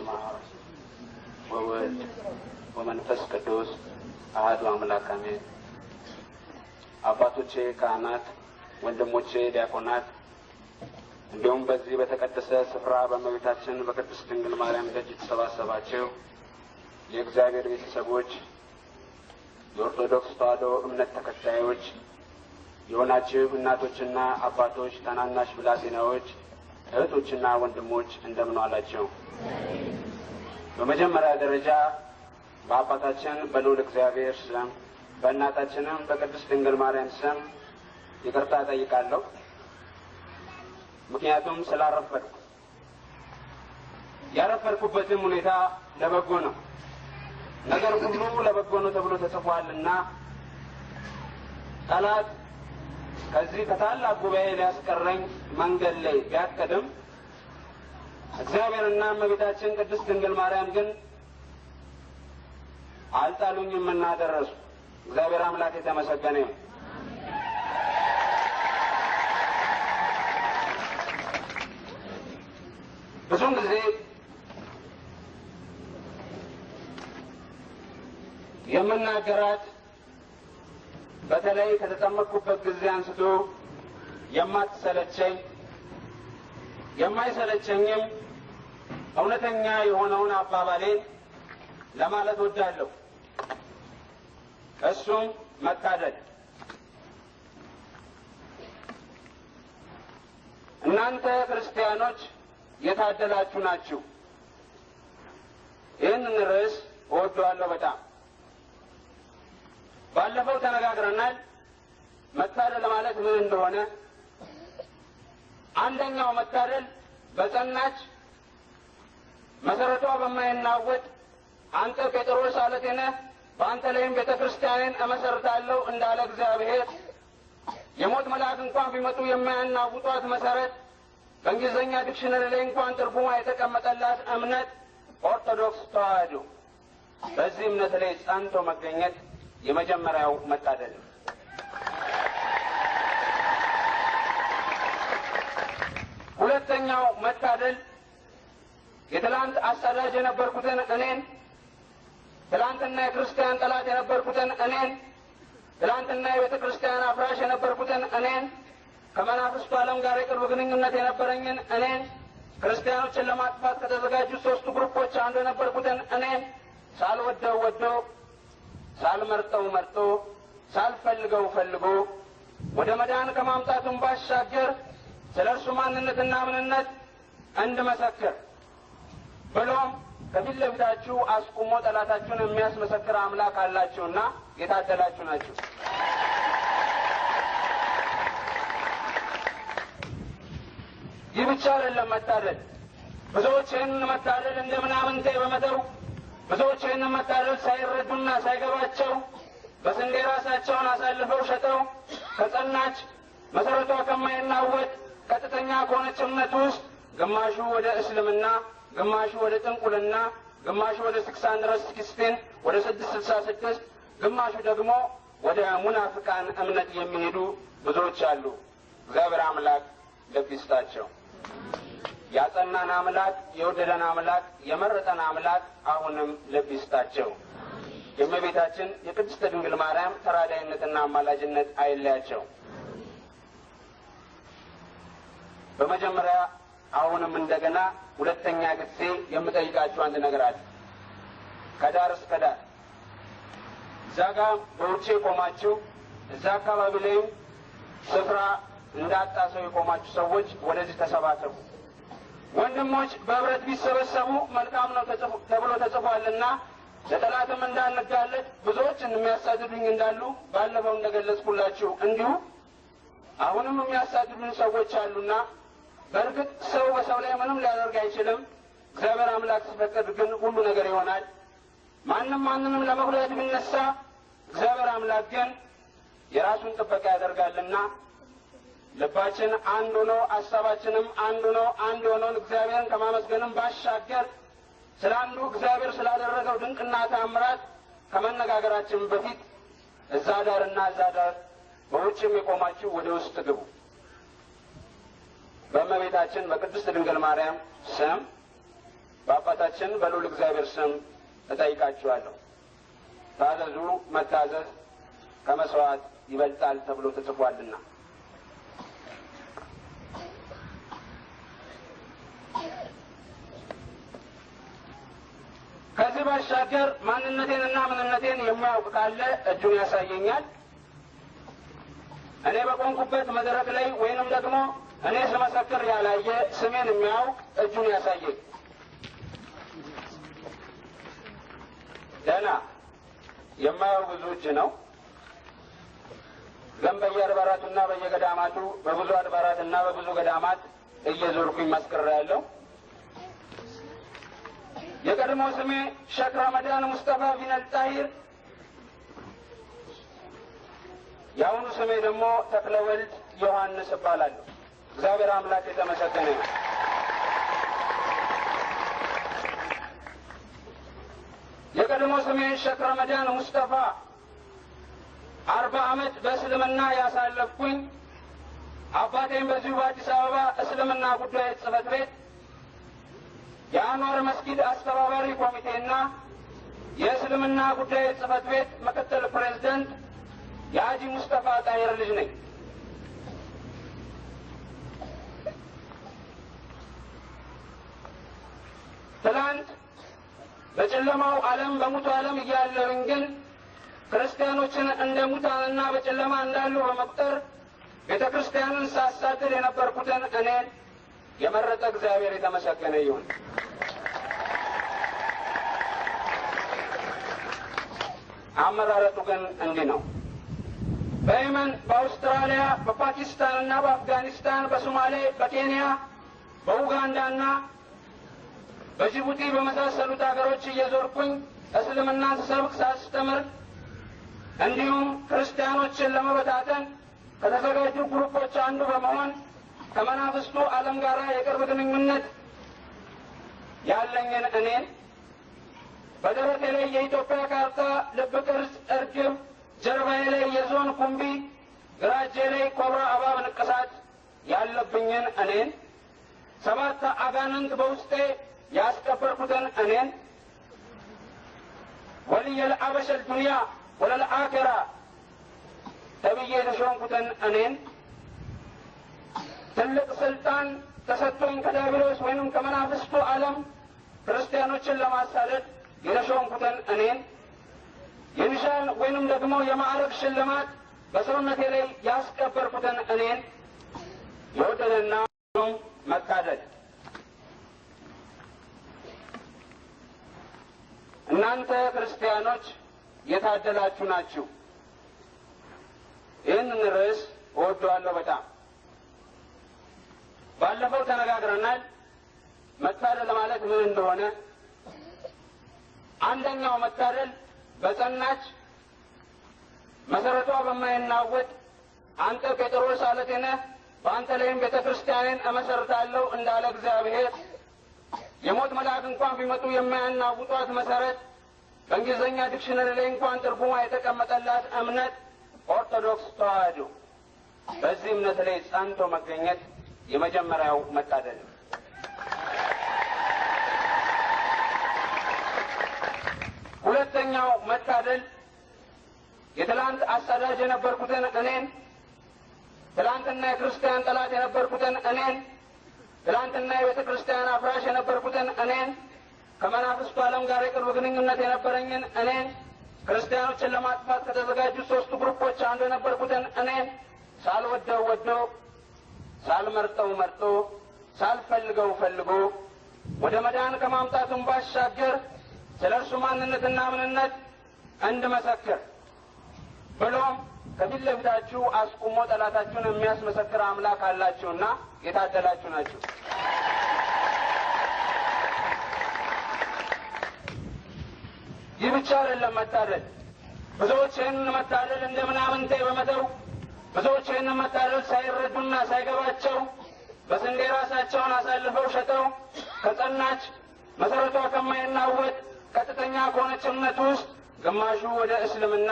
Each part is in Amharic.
በስመ አብ ወወልድ ወመንፈስ ቅዱስ አህዱ አምላክ አሜን። አባቶቼ ካህናት፣ ወንድሞቼ ዲያቆናት እንዲሁም በዚህ በተቀደሰ ስፍራ በእመቤታችን በቅድስት ድንግል ማርያም ደጅ የተሰባሰባቸው የእግዚአብሔር ቤተሰቦች፣ የኦርቶዶክስ ተዋሕዶ እምነት ተከታዮች የሆናችሁ እናቶችና አባቶች፣ ታናናሽ ብላቴናዎች፣ እህቶችና ወንድሞች እንደምን በመጀመሪያ ደረጃ በአባታችን በልዑል እግዚአብሔር ስም በእናታችንም በቅድስት ድንግል ማርያም ስም ይቅርታ ጠይቃለሁ። ምክንያቱም ስላረፈድኩ። ያረፈድኩበትም ሁኔታ ለበጎ ነው። ነገር ሁሉ ለበጎ ነው ተብሎ ተጽፏልና ጠላት ከዚህ ከታላቅ ጉባኤ ሊያስቀረኝ መንገድ ላይ ቢያቅድም እግዚአብሔርና እመቤታችን ቅድስት ድንግል ማርያም ግን አልጣሉኝም እና ደረሱ። እግዚአብሔር አምላክ የተመሰገነ ነው። ብዙም ጊዜ የምናገራት በተለይ ከተጠመቅኩበት ጊዜ አንስቶ የማትሰለቸኝ የማይሰለቸኝም እውነተኛ የሆነውን አባባሌን ለማለት ወዳለሁ። እሱም መታደል እናንተ ክርስቲያኖች የታደላችሁ ናችሁ። ይህንን ርዕስ እወደዋለሁ በጣም። ባለፈው ተነጋግረናል። መታደል ማለት ምን እንደሆነ አንደኛው መታደል በጸናች መሰረቷ በማይናወጥ አንተ ጴጥሮስ አለቴ ነህ፣ በአንተ ላይም ቤተ ክርስቲያንን እመሰርታለሁ እንዳለ እግዚአብሔር የሞት መልአክ እንኳን ቢመጡ የማያናውጧት መሰረት በእንግሊዝኛ ዲክሽነሪ ላይ እንኳን ትርጉማ የተቀመጠላት እምነት ኦርቶዶክስ ተዋህዶ። በዚህ እምነት ላይ ጸንቶ መገኘት የመጀመሪያው መታደል ነው። ሁለተኛው መታደል የትላንት አሳዳጅ የነበርኩትን እኔን ትላንትና የክርስቲያን ጠላት የነበርኩትን እኔን ትላንትና የቤተ ክርስቲያን አፍራሽ የነበርኩትን እኔን ከመናፍስቱ ዓለም ጋር የቅርብ ግንኙነት የነበረኝን እኔን ክርስቲያኖችን ለማጥፋት ከተዘጋጁ ሶስቱ ግሩፖች አንዱ የነበርኩትን እኔን ሳልወደው ወደው ሳልመርጠው መርጦ ሳልፈልገው ፈልጎ ወደ መዳን ከማምጣቱን ባሻገር ስለ እርሱ ማንነትና ምንነት እንድመሰክር ብሎም ከፊት ለፊታችሁ አስቁሞ ጠላታችሁን የሚያስመሰክር አምላክ አላችሁና የታደላችሁ ናችሁ። ይህ ብቻ አይደለም መታደል። ብዙዎች ይህንን መታደል እንደምናምንቴ በመተው ብዙዎች ይህን መታለል ሳይረዱና ሳይገባቸው በስንዴ ራሳቸውን አሳልፈው ሸጠው ከጸናች መሰረቷ ከማይናወጥ ቀጥተኛ ከሆነች እምነት ውስጥ ግማሹ ወደ እስልምና፣ ግማሹ ወደ ጥንቁልና፣ ግማሹ ወደ ስክሳን ድረስ ስክስቲን ወደ ስድስት ስልሳ ስድስት ግማሹ ደግሞ ወደ ሙናፍቃን እምነት የሚሄዱ ብዙዎች አሉ። እግዚአብሔር አምላክ ልብ ይስጣቸው። ያጸናን አምላክ የወደደን አምላክ የመረጠን አምላክ አሁንም ልብ ይስጣቸው። የእመቤታችን የቅድስተ ድንግል ማርያም ተራዳይነትና አማላጅነት አይለያቸው። በመጀመሪያ አሁንም እንደገና ሁለተኛ ጊዜ የምጠይቃችሁ አንድ ነገር አለ። ከዳር እስከ ዳር እዛ ጋ በውጭ የቆማችሁ እዛ አካባቢ ላይም ስፍራ እንዳጣ ሰው የቆማችሁ ሰዎች ወደዚህ ተሰባሰቡ። ወንድሞች በህብረት ቢሰበሰቡ መልካም ነው ተብሎ ተጽፏልና ለጠላትም እንዳንጋለጥ ብዙዎች የሚያሳድዱኝ እንዳሉ ባለፈው እንደገለጽኩላችሁ እንዲሁ አሁንም የሚያሳድዱን ሰዎች አሉና በእርግጥ ሰው በሰው ላይ ምንም ሊያደርግ አይችልም። እግዚአብሔር አምላክ ሲፈቅድ ግን ሁሉ ነገር ይሆናል። ማንም ማንንም ለመጉዳት ቢነሳ እግዚአብሔር አምላክ ግን የራሱን ጥበቃ ያደርጋልና ልባችን አንዱ ነው፣ አሳባችንም አንዱ ነው። አንድ የሆነውን እግዚአብሔርን ከማመስገንም ባሻገር ስለ አንዱ እግዚአብሔር ስላደረገው ድንቅና ተአምራት ከመነጋገራችን በፊት እዛ ዳር እና እዛ ዳር በውጭም የቆማችሁ ወደ ውስጥ ግቡ። በእመቤታችን በቅድስት ድንግል ማርያም ስም በአባታችን በልዑል እግዚአብሔር ስም እጠይቃችኋለሁ። ታዘዙ። መታዘዝ ከመስዋዕት ይበልጣል ተብሎ ተጽፏልና ከዚህ ባሻገር ማንነቴንና ምንነቴን የማያውቅ ካለ እጁን ያሳየኛል። እኔ በቆንኩበት መድረክ ላይ ወይንም ደግሞ እኔ ስመሰክር ያላየ ስሜን የሚያውቅ እጁን ያሳየኝ። ደና የማየው ብዙ እጅ ነው። ግን በየአድባራቱና በየገዳማቱ በብዙ አድባራትና በብዙ ገዳማት እየዞርኩኝ ያለው የቀድሞ ስሜ ሸክ ረመዳን ሙስጠፋ ቢነል የአሁኑ ስሜ ደግሞ ተክለወልድ ዮሐንስ እባላለሁ። እግዚአብሔር አምላክ የተመሰገነ ነው። የቀድሞ ስሜ ሸክ ረመዳን ሙስጠፋ፣ አርባ ዓመት በእስልምና ያሳለፍኩኝ አባቴም በዚሁ በአዲስ አበባ እስልምና ጉዳይ ጽህፈት ቤት የአኗር መስጊድ አስተባባሪ ኮሚቴና የእስልምና ጉዳይ ጽህፈት ቤት ምክትል ፕሬዝደንት የአጂ ሙስጠፋ ጣይር ልጅ ነኝ። ትላንት በጨለማው አለም በሙቱ አለም እያለሁኝ ግን ክርስቲያኖችን እንደ ሙታንና በጨለማ እንዳሉ በመቁጠር ቤተ ክርስቲያንን ሳሳድር የነበርኩትን እኔን የመረጠ እግዚአብሔር የተመሰገነ ይሁን። አመራረጡ ግን እንዲህ ነው። በየመን፣ በአውስትራሊያ፣ በፓኪስታንና በአፍጋኒስታን፣ በሶማሌ፣ በኬንያ፣ ና በጅቡቲ በመሳሰሉት ሀገሮች እየዞርኩኝ እስልምና ስሰብክ ሳስተምር እንዲሁም ክርስቲያኖችን ለመበታተን ከተዘጋጁ ግሩፖች አንዱ በመሆን ከመናፍስቱ አለም ጋር የቅርብ ግንኙነት ያለኝን እኔን በደረቴ ላይ የኢትዮጵያ ካርታ ልብ ቅርጽ እርግብ፣ ጀርባዬ ላይ የዞን ኩምቢ፣ ግራ ላይ ኮብራ እባብ ንቅሳት ያለብኝን እኔን ሰባት አጋንንት በውስጤ ያስቀበርኩትን እኔን ወልየል አበሸል ዱንያ ወለል አኬራ ተብዬ የተሾምኩትን እኔን ትልቅ ስልጣን ተሰጥቶኝ ከዲያብሎስ ወይንም ከመናፍስቱ ዓለም ክርስቲያኖችን ለማሳደድ የሾምኩትን እኔን የሚሻል ወይንም ደግሞ የማዕረግ ሽልማት በሰውነቴ ላይ ያስቀበርኩትን እኔን የወደደና መታደል እናንተ ክርስቲያኖች የታደላችሁ ናችሁ። ይህንን ርዕስ እወደዋለሁ በጣም። ባለፈው ተነጋግረናል መታደል ማለት ምን እንደሆነ አንደኛው መታደል በጸናች መሰረቷ በማይናወጥ አንተ ጴጥሮስ አለቴ በአንተ ላይም ቤተ ክርስቲያንን እመሰርታለሁ እንዳለ እግዚአብሔር የሞት መልአክ እንኳን ቢመጡ የማያናውጧት መሰረት በእንግሊዝኛ ዲክሽነሪ ላይ እንኳን ትርጉማ የተቀመጠላት እምነት ኦርቶዶክስ ተዋህዶ። በዚህ እምነት ላይ ጸንቶ መገኘት የመጀመሪያው መታደል ነው። ሁለተኛው መታደል የትላንት አሳዳጅ የነበርኩትን እኔን ትላንትና የክርስቲያን ጠላት የነበርኩትን እኔን ትላንትና የቤተ ክርስቲያን አፍራሽ የነበርኩትን እኔን ከመናፍስቱ ዓለም ጋር የቅርብ ግንኙነት የነበረኝን እኔን ክርስቲያኖችን ለማጥፋት ከተዘጋጁ ሶስቱ ግሩፖች አንዱ የነበርኩትን እኔን ሳልወደው ወዶ ሳልመርጠው መርጦ ሳልፈልገው ፈልጎ ወደ መዳን ከማምጣቱን ባሻገር ስለ እርሱ ማንነትና ምንነት እንድመሰክር ብሎም ከፊት ለፊታችሁ አስቁሞ ጠላታችሁን የሚያስመሰክር አምላክ አላችሁና የታደላችሁ ናችሁ። ይህ ብቻ አይደለም መታደል። ብዙዎች ይህንን መታደል እንደ ምናምንቴ በመተው ብዙዎች ይህንን መታደል ሳይረዱና ሳይገባቸው በስንዴ ራሳቸውን አሳልፈው ሸጠው ከጸናች መሰረቷ ከማይናወጥ ቀጥተኛ ከሆነች እምነት ውስጥ ግማሹ ወደ እስልምና፣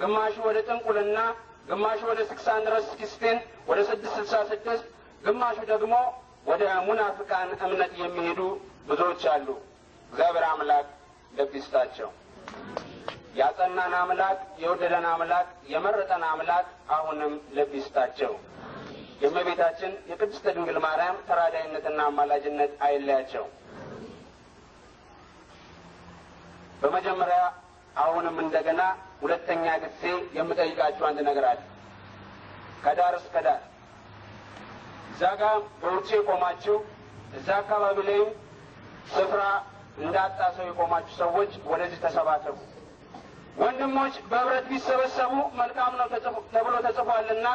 ግማሹ ወደ ጥንቁልና፣ ግማሹ ወደ ስክሳን ድረስ ኪስቴን ወደ ስድስት ስልሳ ስድስት ግማሹ ደግሞ ወደ ሙናፍቃን እምነት የሚሄዱ ብዙዎች አሉ። እግዚአብሔር አምላክ ለቢስታቸው ያጸናን አምላክ፣ የወደደን አምላክ፣ የመረጠን አምላክ አሁንም ለቢስታቸው የእመቤታችን የቅድስተ ድንግል ማርያም ተራዳይነትና አማላጅነት አይለያቸው። በመጀመሪያ አሁንም እንደገና ሁለተኛ ጊዜ የምጠይቃችሁ አንድ ነገር አለ። ከዳር እስከ ዳር እዛ ጋ በውጭ የቆማችሁ እዛ አካባቢ ላይም ስፍራ እንዳጣ ሰው የቆማችሁ ሰዎች ወደዚህ ተሰባሰቡ። ወንድሞች በህብረት ቢሰበሰቡ መልካም ነው ተብሎ ተጽፏልና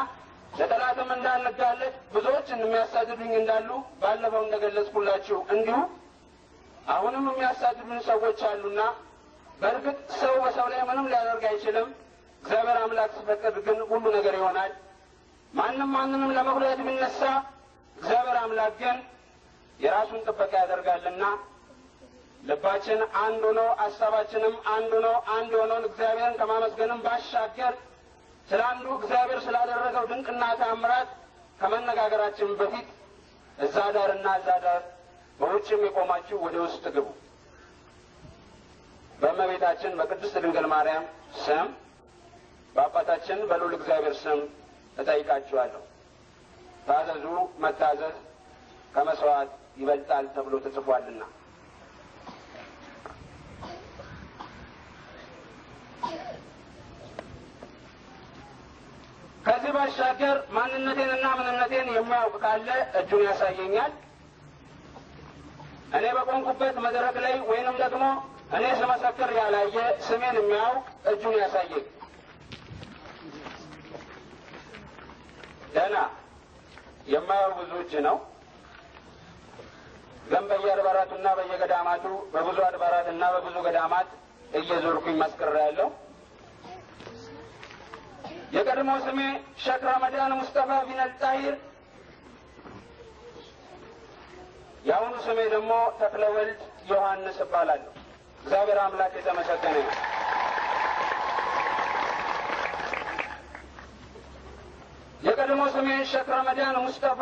ለጠላትም እንዳንጋለጥ ብዙዎች የሚያሳድዱኝ እንዳሉ ባለፈው እንደገለጽኩላችሁ እንዲሁ አሁንም የሚያሳድዱን ሰዎች አሉና በእርግጥ ሰው በሰው ላይ ምንም ሊያደርግ አይችልም። እግዚአብሔር አምላክ ሲፈቅድ ግን ሁሉ ነገር ይሆናል። ማንም ማንንም ለመጉዳት የሚነሳ እግዚአብሔር አምላክ ግን የራሱን ጥበቃ ያደርጋልና ልባችን አንዱ ነው፣ ሀሳባችንም አንዱ ነው። አንድ የሆነውን እግዚአብሔርን ከማመስገንም ባሻገር ስለ አንዱ እግዚአብሔር ስላደረገው ድንቅና ተአምራት ከመነጋገራችን በፊት እዛ ዳርና እዛ ዳር በውጭ የቆማችሁ ወደ ውስጥ ግቡ። በእመቤታችን በቅድስት ድንግል ማርያም ስም በአባታችን በልዑል እግዚአብሔር ስም እጠይቃችኋለሁ። ታዘዙ። መታዘዝ ከመስዋዕት ይበልጣል ተብሎ ተጽፏልና። ከዚህ ባሻገር ማንነቴንና ምንነቴን የማያውቅ ካለ እጁን ያሳየኛል። እኔ በቆንኩበት መድረክ ላይ ወይንም ደግሞ እኔ ስመሰክር ያላየ ስሜን የሚያውቅ እጁን ያሳየኝ። ደህና የማየው ብዙ እጅ ነው። ግን በየአድባራቱና በየገዳማቱ በብዙ አድባራትና በብዙ ገዳማት እየዞርኩኝ መስክሬ ያለው የቀድሞ ስሜ ሸክ ረመዳን ሙስጠፋ ቢነል ጣሂር፣ የአሁኑ ስሜ ደግሞ ተክለወልድ ዮሐንስ እባላለሁ። እግዚአብሔር አምላክ የተመሰገነ ነው። የቀድሞ ስሜን ሸክ ረመዳን ሙስጠፋ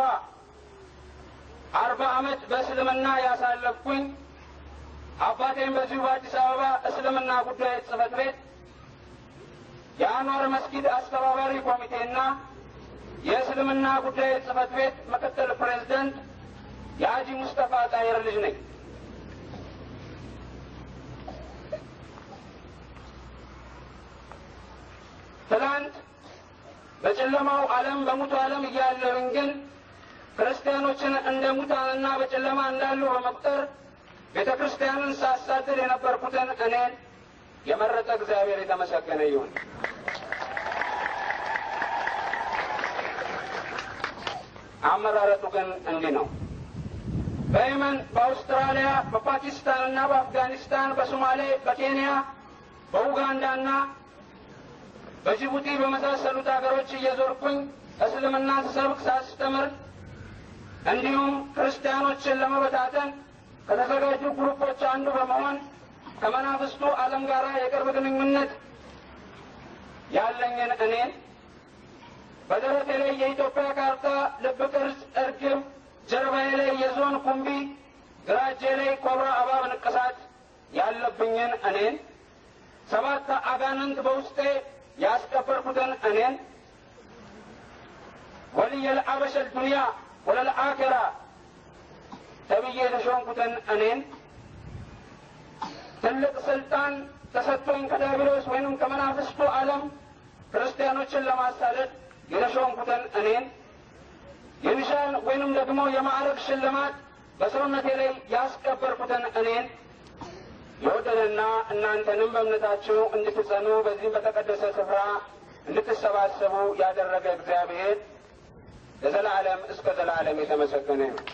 አርባ አመት በእስልምና ያሳለፍኩኝ አባቴም በዚሁ በአዲስ አበባ እስልምና ጉዳይ ጽፈት ቤት የአኗር መስጊድ አስተባባሪ ኮሚቴና የእስልምና ጉዳይ ጽህፈት ቤት ምክትል ፕሬዚደንት የአጂ ሙስጠፋ ጣይር ልጅ ነኝ። ትላንት በጨለማው ዓለም በሙቱ ዓለም እያለን ግን ክርስቲያኖችን እንደ ሙታንና በጨለማ እንዳሉ በመቁጠር ቤተ ክርስቲያንን ሳሳድር የነበርኩትን እኔን የመረጠ እግዚአብሔር የተመሰገነ ይሁን። አመራረጡ ግን እንዲህ ነው። በየመን፣ በአውስትራሊያ፣ በፓኪስታን እና በአፍጋኒስታን፣ በሶማሌ፣ በኬንያ፣ በኡጋንዳ እና በጅቡቲ በመሳሰሉት ሀገሮች እየዞርኩኝ እስልምና ሰብክ ሳስተምር እንዲሁም ክርስቲያኖችን ለመበታተን ከተዘጋጁ ግሩፖች አንዱ በመሆን ከመናፍስቱ ዓለም ጋር የቅርብ ግንኙነት ያለኝን እኔ በደረቴ ላይ የኢትዮጵያ ካርታ ልብ ቅርጽ እርግብ፣ ጀርባዬ ላይ የዞን ኩምቢ፣ ግራጄ ላይ ኮብራ እባብ ንቅሳት ያለብኝን እኔን ሰባት አጋንንት በውስጤ ያስከፈልኩትን እኔን ወልየል አበሸል ዱንያ ወለል አከራ ተብዬ የተሾምኩትን እኔን ትልቅ ስልጣን ተሰጥቶኝ ከዳብሎስ ወይንም ከመናፍስቱ ዓለም ክርስቲያኖችን ለማሳደድ የተሾምኩትን እኔን የሚሻል ወይንም ደግሞ የማዕረግ ሽልማት በሰውነቴ ላይ ያስቀበርኩትን እኔን መውደንና እናንተንም በእምነታችሁ እንድትጸኑ በዚህም በተቀደሰ ስፍራ እንድትሰባሰቡ ያደረገ እግዚአብሔር ለዘላለም እስከ ዘላለም የተመሰገነ ነው።